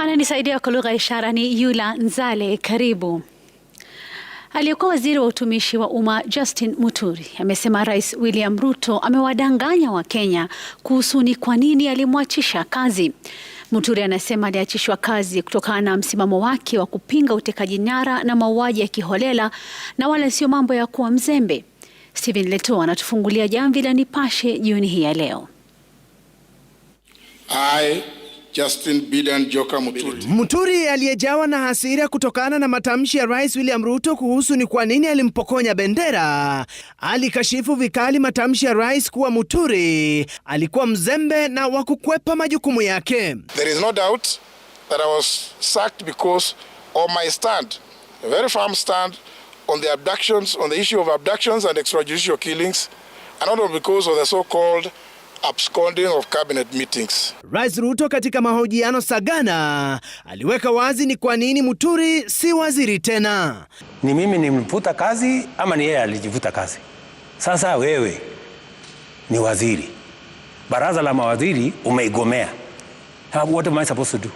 Ananisaidia kwa lugha ya ishara ni Yula Nzale, karibu. Aliyekuwa waziri wa utumishi wa umma Justin Muturi amesema Rais William Ruto amewadanganya Wakenya kuhusu ni kwa nini alimwachisha kazi. Muturi anasema aliachishwa kazi kutokana na msimamo wake wa kupinga utekaji nyara na mauaji ya kiholela na wala sio mambo ya kuwa mzembe. Stephen Leto anatufungulia jamvi la Nipashe jioni hii ya leo. I... Justin Biden Joka Muturi. Muturi aliyejawa na hasira kutokana na matamshi ya Rais William Ruto kuhusu ni kwa nini alimpokonya bendera, alikashifu vikali matamshi ya Rais kuwa Muturi alikuwa mzembe na wa kukwepa majukumu yake. There is no doubt that I was sacked because of my stand, a very firm stand on the abductions, on the issue of abductions and extrajudicial killings and not because of the so-called absconding of cabinet meetings. Rais Ruto katika mahojiano Sagana aliweka wazi ni kwa nini Muturi si waziri tena. Ni mimi nimvuta kazi ama ni yeye alijivuta kazi? Sasa wewe ni waziri, baraza la mawaziri umeigomea. What am I supposed to do?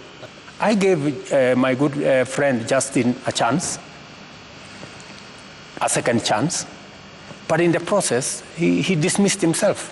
I gave uh, my good uh, friend Justin a chance, a second chance, but in the process he, he dismissed himself.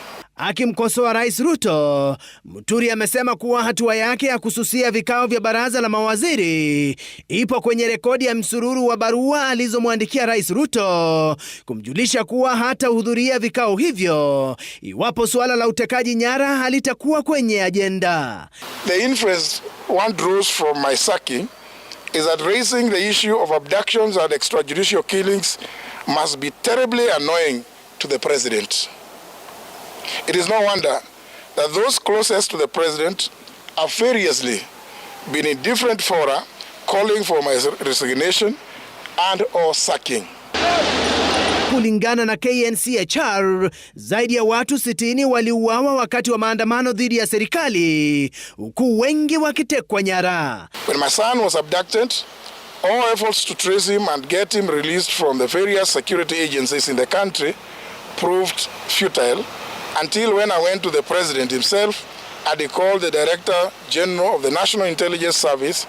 Akimkosoa Rais Ruto, Muturi amesema kuwa hatua yake ya kususia vikao vya baraza la mawaziri ipo kwenye rekodi ya msururu wa barua alizomwandikia Rais Ruto kumjulisha kuwa hatahudhuria vikao hivyo iwapo suala la utekaji nyara halitakuwa kwenye ajenda. The inference one draws from my Maisaki is that raising the issue of abductions and extrajudicial killings must be terribly annoying to the president. It is no wonder that those closest to the president have variously been in different fora calling for my resignation and or sacking. Kulingana na KNCHR, zaidi ya watu 60 waliuawa wakati wa maandamano dhidi ya serikali huku wengi wakitekwa nyara. When my son was abducted, all efforts to trace him and get him released from the various security agencies in the country proved futile until when I went to the president himself and he called the director general of the National Intelligence Service.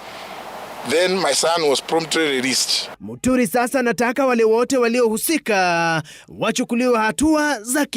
Then my son was promptly released. Muturi sasa anataka wale wote waliohusika wachukuliwe hatua za